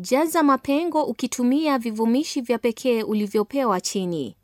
Jaza mapengo ukitumia vivumishi vya pekee ulivyopewa chini.